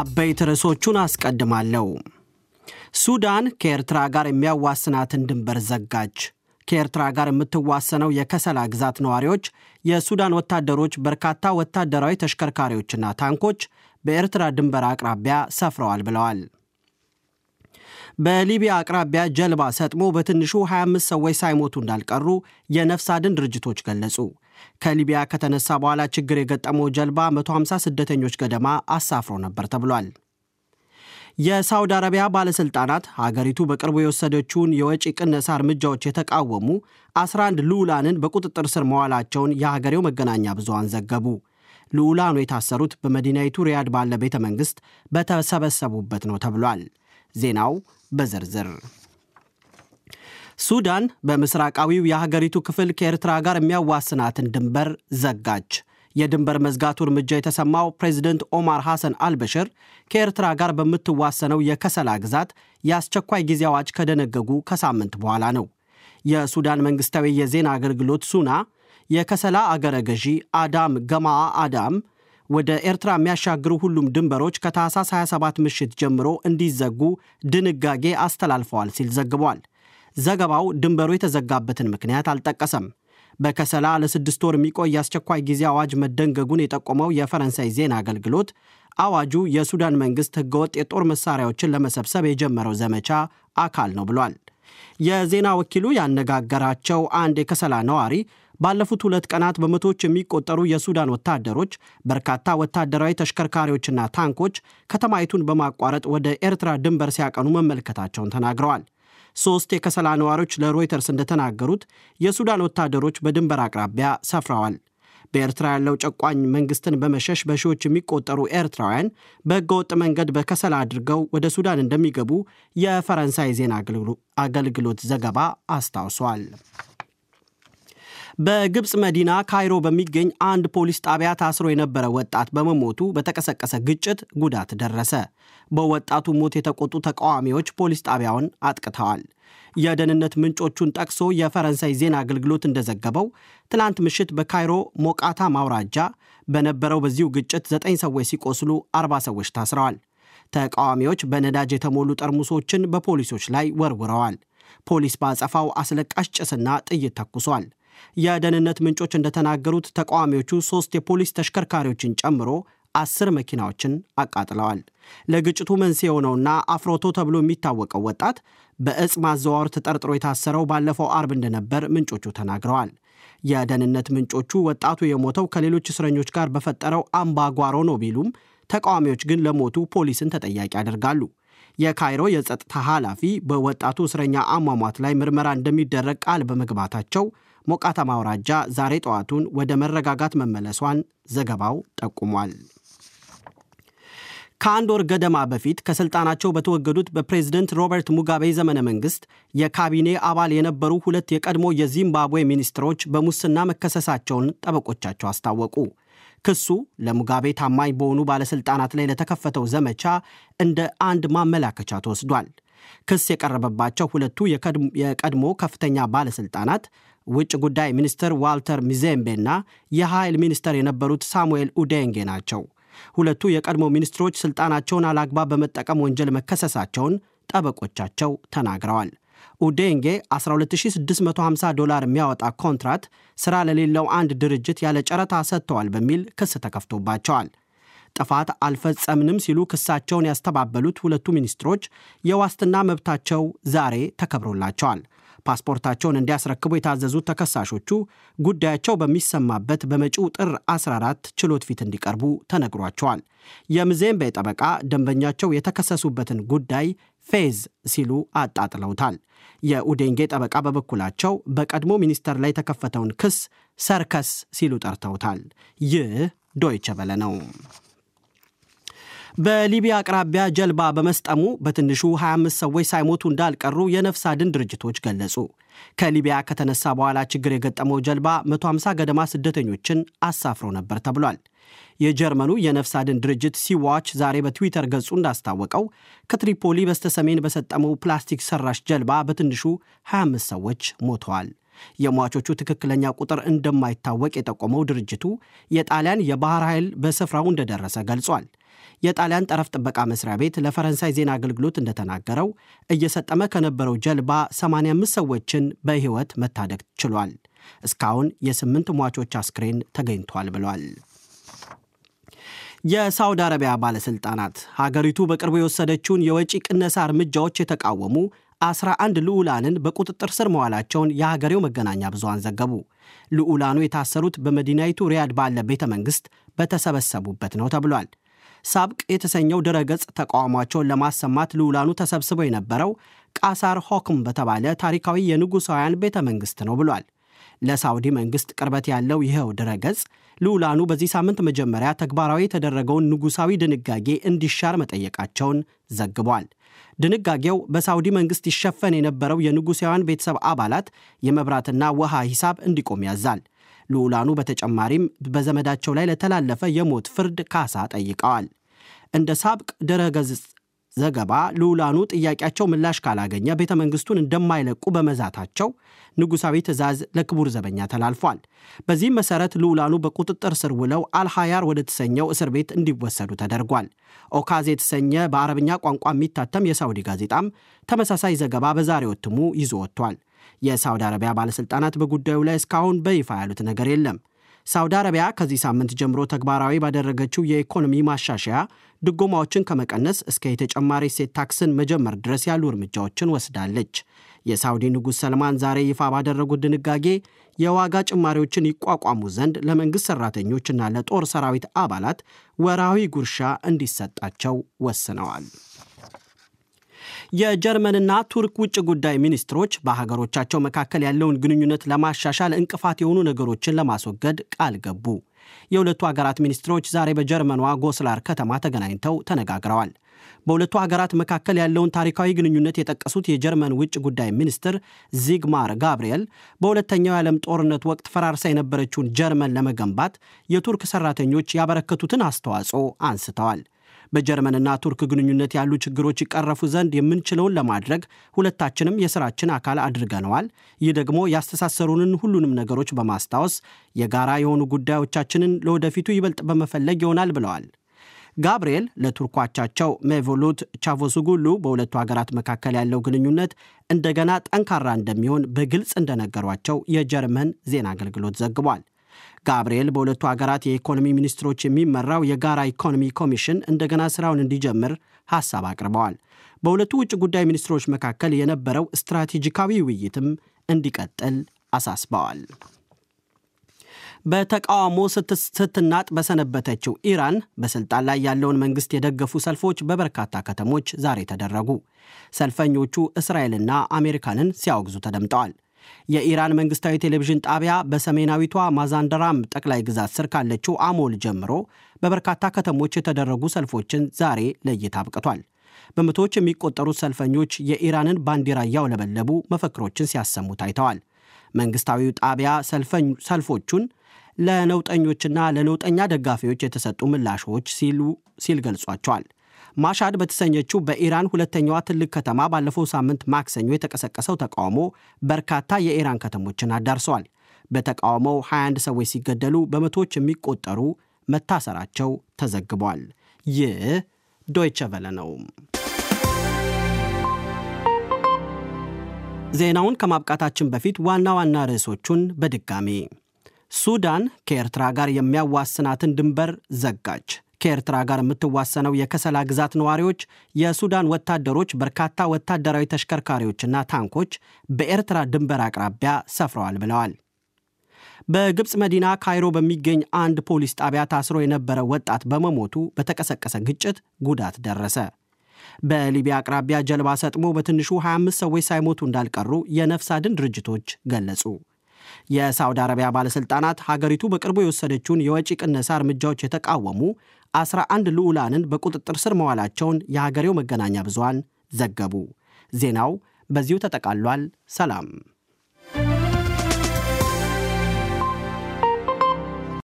አበይት ርዕሶቹን አስቀድማለሁ። ሱዳን ከኤርትራ ጋር የሚያዋስናትን ድንበር ዘጋች። ከኤርትራ ጋር የምትዋሰነው የከሰላ ግዛት ነዋሪዎች የሱዳን ወታደሮች በርካታ ወታደራዊ ተሽከርካሪዎችና ታንኮች በኤርትራ ድንበር አቅራቢያ ሰፍረዋል ብለዋል። በሊቢያ አቅራቢያ ጀልባ ሰጥሞ በትንሹ 25 ሰዎች ሳይሞቱ እንዳልቀሩ የነፍስ አድን ድርጅቶች ገለጹ። ከሊቢያ ከተነሳ በኋላ ችግር የገጠመው ጀልባ 150 ስደተኞች ገደማ አሳፍሮ ነበር ተብሏል። የሳውዲ አረቢያ ባለሥልጣናት ሀገሪቱ በቅርቡ የወሰደችውን የወጪ ቅነሳ እርምጃዎች የተቃወሙ 11 ልዑላንን በቁጥጥር ስር መዋላቸውን የሀገሬው መገናኛ ብዙሃን ዘገቡ። ልዑላኑ የታሰሩት በመዲናይቱ ሪያድ ባለ ቤተ መንግሥት በተሰበሰቡበት ነው ተብሏል። ዜናው በዝርዝር ሱዳን በምስራቃዊው የሀገሪቱ ክፍል ከኤርትራ ጋር የሚያዋስናትን ድንበር ዘጋች። የድንበር መዝጋቱ እርምጃ የተሰማው ፕሬዚደንት ኦማር ሐሰን አልበሽር ከኤርትራ ጋር በምትዋሰነው የከሰላ ግዛት የአስቸኳይ ጊዜ አዋጅ ከደነገጉ ከሳምንት በኋላ ነው። የሱዳን መንግሥታዊ የዜና አገልግሎት ሱና የከሰላ አገረ ገዢ አዳም ገማአ አዳም ወደ ኤርትራ የሚያሻግሩ ሁሉም ድንበሮች ከታህሳስ 27 ምሽት ጀምሮ እንዲዘጉ ድንጋጌ አስተላልፈዋል ሲል ዘግቧል። ዘገባው ድንበሩ የተዘጋበትን ምክንያት አልጠቀሰም። በከሰላ ለስድስት ወር የሚቆይ የአስቸኳይ ጊዜ አዋጅ መደንገጉን የጠቆመው የፈረንሳይ ዜና አገልግሎት አዋጁ የሱዳን መንግሥት ሕገወጥ የጦር መሳሪያዎችን ለመሰብሰብ የጀመረው ዘመቻ አካል ነው ብሏል። የዜና ወኪሉ ያነጋገራቸው አንድ የከሰላ ነዋሪ ባለፉት ሁለት ቀናት በመቶዎች የሚቆጠሩ የሱዳን ወታደሮች በርካታ ወታደራዊ ተሽከርካሪዎችና ታንኮች ከተማይቱን በማቋረጥ ወደ ኤርትራ ድንበር ሲያቀኑ መመልከታቸውን ተናግረዋል። ሶስት የከሰላ ነዋሪዎች ለሮይተርስ እንደተናገሩት የሱዳን ወታደሮች በድንበር አቅራቢያ ሰፍረዋል። በኤርትራ ያለው ጨቋኝ መንግስትን በመሸሽ በሺዎች የሚቆጠሩ ኤርትራውያን በህገወጥ መንገድ በከሰላ አድርገው ወደ ሱዳን እንደሚገቡ የፈረንሳይ ዜና አገልግሎት ዘገባ አስታውሷል። በግብፅ መዲና ካይሮ በሚገኝ አንድ ፖሊስ ጣቢያ ታስሮ የነበረ ወጣት በመሞቱ በተቀሰቀሰ ግጭት ጉዳት ደረሰ። በወጣቱ ሞት የተቆጡ ተቃዋሚዎች ፖሊስ ጣቢያውን አጥቅተዋል። የደህንነት ምንጮቹን ጠቅሶ የፈረንሳይ ዜና አገልግሎት እንደዘገበው ትናንት ምሽት በካይሮ ሞቃታ ማውራጃ በነበረው በዚሁ ግጭት ዘጠኝ ሰዎች ሲቆስሉ አርባ ሰዎች ታስረዋል። ተቃዋሚዎች በነዳጅ የተሞሉ ጠርሙሶችን በፖሊሶች ላይ ወርውረዋል። ፖሊስ በአጸፋው አስለቃሽ ጭስና ጥይት ተኩሷል። የደህንነት ምንጮች እንደተናገሩት ተቃዋሚዎቹ ሦስት የፖሊስ ተሽከርካሪዎችን ጨምሮ አስር መኪናዎችን አቃጥለዋል። ለግጭቱ መንስኤ የሆነውና አፍሮቶ ተብሎ የሚታወቀው ወጣት በእጽ ማዘዋወር ተጠርጥሮ የታሰረው ባለፈው አርብ እንደነበር ምንጮቹ ተናግረዋል። የደህንነት ምንጮቹ ወጣቱ የሞተው ከሌሎች እስረኞች ጋር በፈጠረው አምባጓሮ ነው ቢሉም ተቃዋሚዎች ግን ለሞቱ ፖሊስን ተጠያቂ ያደርጋሉ። የካይሮ የጸጥታ ኃላፊ በወጣቱ እስረኛ አሟሟት ላይ ምርመራ እንደሚደረግ ቃል በመግባታቸው ሞቃታማ አውራጃ ዛሬ ጠዋቱን ወደ መረጋጋት መመለሷን ዘገባው ጠቁሟል። ከአንድ ወር ገደማ በፊት ከሥልጣናቸው በተወገዱት በፕሬዝደንት ሮበርት ሙጋቤ ዘመነ መንግሥት የካቢኔ አባል የነበሩ ሁለት የቀድሞ የዚምባብዌ ሚኒስትሮች በሙስና መከሰሳቸውን ጠበቆቻቸው አስታወቁ። ክሱ ለሙጋቤ ታማኝ በሆኑ ባለሥልጣናት ላይ ለተከፈተው ዘመቻ እንደ አንድ ማመላከቻ ተወስዷል። ክስ የቀረበባቸው ሁለቱ የቀድሞ ከፍተኛ ባለሥልጣናት ውጭ ጉዳይ ሚኒስትር ዋልተር እና የኃይል ሚኒስተር የነበሩት ሳሙኤል ኡዴንጌ ናቸው። ሁለቱ የቀድሞ ሚኒስትሮች ሥልጣናቸውን አላግባብ በመጠቀም ወንጀል መከሰሳቸውን ጠበቆቻቸው ተናግረዋል። ኡዴንጌ 12650 ዶላር የሚያወጣ ኮንትራት ሥራ ለሌለው አንድ ድርጅት ያለ ጨረታ ሰጥተዋል በሚል ክስ ተከፍቶባቸዋል። ጥፋት አልፈጸምንም ሲሉ ክሳቸውን ያስተባበሉት ሁለቱ ሚኒስትሮች የዋስትና መብታቸው ዛሬ ተከብሮላቸዋል። ፓስፖርታቸውን እንዲያስረክቡ የታዘዙት ተከሳሾቹ ጉዳያቸው በሚሰማበት በመጪው ጥር 14 ችሎት ፊት እንዲቀርቡ ተነግሯቸዋል። የምዜምቤ ጠበቃ ደንበኛቸው የተከሰሱበትን ጉዳይ ፌዝ ሲሉ አጣጥለውታል። የኡዴንጌ ጠበቃ በበኩላቸው በቀድሞ ሚኒስተር ላይ የተከፈተውን ክስ ሰርከስ ሲሉ ጠርተውታል። ይህ ዶይቸ በለ ነው። በሊቢያ አቅራቢያ ጀልባ በመስጠሙ በትንሹ 25 ሰዎች ሳይሞቱ እንዳልቀሩ የነፍስ አድን ድርጅቶች ገለጹ። ከሊቢያ ከተነሳ በኋላ ችግር የገጠመው ጀልባ 150 ገደማ ስደተኞችን አሳፍሮ ነበር ተብሏል። የጀርመኑ የነፍስ አድን ድርጅት ሲዋች ዛሬ በትዊተር ገጹ እንዳስታወቀው ከትሪፖሊ በስተሰሜን በሰጠመው ፕላስቲክ ሰራሽ ጀልባ በትንሹ 25 ሰዎች ሞተዋል። የሟቾቹ ትክክለኛ ቁጥር እንደማይታወቅ የጠቆመው ድርጅቱ የጣሊያን የባህር ኃይል በስፍራው እንደደረሰ ገልጿል። የጣሊያን ጠረፍ ጥበቃ መስሪያ ቤት ለፈረንሳይ ዜና አገልግሎት እንደተናገረው እየሰጠመ ከነበረው ጀልባ 85 ሰዎችን በሕይወት መታደግ ችሏል። እስካሁን የስምንት ሟቾች አስክሬን ተገኝቷል ብሏል። የሳውዲ አረቢያ ባለሥልጣናት ሀገሪቱ በቅርቡ የወሰደችውን የወጪ ቅነሳ እርምጃዎች የተቃወሙ 11 ልዑላንን በቁጥጥር ስር መዋላቸውን የሀገሬው መገናኛ ብዙሃን ዘገቡ። ልዑላኑ የታሰሩት በመዲናይቱ ሪያድ ባለ ቤተ መንግሥት በተሰበሰቡበት ነው ተብሏል። ሳብቅ የተሰኘው ድረገጽ ተቃውሟቸውን ለማሰማት ልውላኑ ተሰብስበው የነበረው ቃሳር ሆክም በተባለ ታሪካዊ የንጉሳውያን ቤተ መንግሥት ነው ብሏል። ለሳውዲ መንግሥት ቅርበት ያለው ይኸው ድረገጽ ልዑላኑ በዚህ ሳምንት መጀመሪያ ተግባራዊ የተደረገውን ንጉሳዊ ድንጋጌ እንዲሻር መጠየቃቸውን ዘግቧል። ድንጋጌው በሳውዲ መንግሥት ይሸፈን የነበረው የንጉሳውያን ቤተሰብ አባላት የመብራትና ውሃ ሂሳብ እንዲቆም ያዛል። ልዑላኑ በተጨማሪም በዘመዳቸው ላይ ለተላለፈ የሞት ፍርድ ካሳ ጠይቀዋል። እንደ ሳብቅ ድረ ዘገባ ልዑላኑ ጥያቄያቸው ምላሽ ካላገኘ ቤተ መንግስቱን እንደማይለቁ በመዛታቸው ንጉሳዊ ትዕዛዝ ለክቡር ዘበኛ ተላልፏል። በዚህም መሰረት ልዑላኑ በቁጥጥር ስር ውለው አልሃያር ወደ ተሰኘው እስር ቤት እንዲወሰዱ ተደርጓል። ኦካዝ የተሰኘ በአረብኛ ቋንቋ የሚታተም የሳውዲ ጋዜጣም ተመሳሳይ ዘገባ በዛሬው እትሙ ይዞ ወጥቷል። የሳውዲ አረቢያ ባለሥልጣናት በጉዳዩ ላይ እስካሁን በይፋ ያሉት ነገር የለም። ሳውዲ አረቢያ ከዚህ ሳምንት ጀምሮ ተግባራዊ ባደረገችው የኢኮኖሚ ማሻሻያ ድጎማዎችን ከመቀነስ እስከ የተጨማሪ እሴት ታክስን መጀመር ድረስ ያሉ እርምጃዎችን ወስዳለች። የሳውዲ ንጉሥ ሰልማን ዛሬ ይፋ ባደረጉት ድንጋጌ የዋጋ ጭማሪዎችን ይቋቋሙ ዘንድ ለመንግሥት ሠራተኞችና ለጦር ሰራዊት አባላት ወርሃዊ ጉርሻ እንዲሰጣቸው ወስነዋል። የጀርመንና ቱርክ ውጭ ጉዳይ ሚኒስትሮች በሀገሮቻቸው መካከል ያለውን ግንኙነት ለማሻሻል እንቅፋት የሆኑ ነገሮችን ለማስወገድ ቃል ገቡ። የሁለቱ ሀገራት ሚኒስትሮች ዛሬ በጀርመኗ ጎስላር ከተማ ተገናኝተው ተነጋግረዋል። በሁለቱ ሀገራት መካከል ያለውን ታሪካዊ ግንኙነት የጠቀሱት የጀርመን ውጭ ጉዳይ ሚኒስትር ዚግማር ጋብርኤል በሁለተኛው የዓለም ጦርነት ወቅት ፈራርሳ የነበረችውን ጀርመን ለመገንባት የቱርክ ሰራተኞች ያበረከቱትን አስተዋጽኦ አንስተዋል። በጀርመንና ቱርክ ግንኙነት ያሉ ችግሮች ይቀረፉ ዘንድ የምንችለውን ለማድረግ ሁለታችንም የስራችን አካል አድርገነዋል። ይህ ደግሞ ያስተሳሰሩንን ሁሉንም ነገሮች በማስታወስ የጋራ የሆኑ ጉዳዮቻችንን ለወደፊቱ ይበልጥ በመፈለግ ይሆናል ብለዋል። ጋብርኤል ለቱርኳቻቸው ሜቮሉት ቻቮሱጉሉ በሁለቱ ሀገራት መካከል ያለው ግንኙነት እንደገና ጠንካራ እንደሚሆን በግልጽ እንደነገሯቸው የጀርመን ዜና አገልግሎት ዘግቧል። ጋብርኤል በሁለቱ አገራት የኢኮኖሚ ሚኒስትሮች የሚመራው የጋራ ኢኮኖሚ ኮሚሽን እንደገና ስራውን እንዲጀምር ሐሳብ አቅርበዋል። በሁለቱ ውጭ ጉዳይ ሚኒስትሮች መካከል የነበረው ስትራቴጂካዊ ውይይትም እንዲቀጥል አሳስበዋል። በተቃውሞ ስትናጥ በሰነበተችው ኢራን በስልጣን ላይ ያለውን መንግስት የደገፉ ሰልፎች በበርካታ ከተሞች ዛሬ ተደረጉ። ሰልፈኞቹ እስራኤልና አሜሪካንን ሲያወግዙ ተደምጠዋል። የኢራን መንግስታዊ ቴሌቪዥን ጣቢያ በሰሜናዊቷ ማዛንደራም ጠቅላይ ግዛት ስር ካለችው አሞል ጀምሮ በበርካታ ከተሞች የተደረጉ ሰልፎችን ዛሬ ለእይታ አብቅቷል። በመቶዎች የሚቆጠሩት ሰልፈኞች የኢራንን ባንዲራ እያውለበለቡ መፈክሮችን ሲያሰሙ ታይተዋል። መንግስታዊው ጣቢያ ሰልፎቹን ለነውጠኞችና ለነውጠኛ ደጋፊዎች የተሰጡ ምላሾች ሲሉ ሲል ገልጿቸዋል። ማሻድ በተሰኘችው በኢራን ሁለተኛዋ ትልቅ ከተማ ባለፈው ሳምንት ማክሰኞ የተቀሰቀሰው ተቃውሞ በርካታ የኢራን ከተሞችን አዳርሰዋል። በተቃውሞው 21 ሰዎች ሲገደሉ በመቶዎች የሚቆጠሩ መታሰራቸው ተዘግቧል። ይህ ዶይቸ ቨለ ነው። ዜናውን ከማብቃታችን በፊት ዋና ዋና ርዕሶቹን በድጋሜ ሱዳን ከኤርትራ ጋር የሚያዋስናትን ድንበር ዘጋች። ከኤርትራ ጋር የምትዋሰነው የከሰላ ግዛት ነዋሪዎች የሱዳን ወታደሮች በርካታ ወታደራዊ ተሽከርካሪዎችና ታንኮች በኤርትራ ድንበር አቅራቢያ ሰፍረዋል ብለዋል። በግብፅ መዲና ካይሮ በሚገኝ አንድ ፖሊስ ጣቢያ ታስሮ የነበረ ወጣት በመሞቱ በተቀሰቀሰ ግጭት ጉዳት ደረሰ። በሊቢያ አቅራቢያ ጀልባ ሰጥሞ በትንሹ 25 ሰዎች ሳይሞቱ እንዳልቀሩ የነፍስ አድን ድርጅቶች ገለጹ። የሳዑዲ አረቢያ ባለሥልጣናት ሀገሪቱ በቅርቡ የወሰደችውን የወጪ ቅነሳ እርምጃዎች የተቃወሙ 11 ልዑላንን በቁጥጥር ስር መዋላቸውን የሀገሬው መገናኛ ብዙሃን ዘገቡ። ዜናው በዚሁ ተጠቃሏል። ሰላም